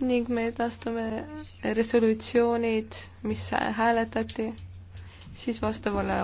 ning me edastame resolutsioonid, mis hääletati siis vastavale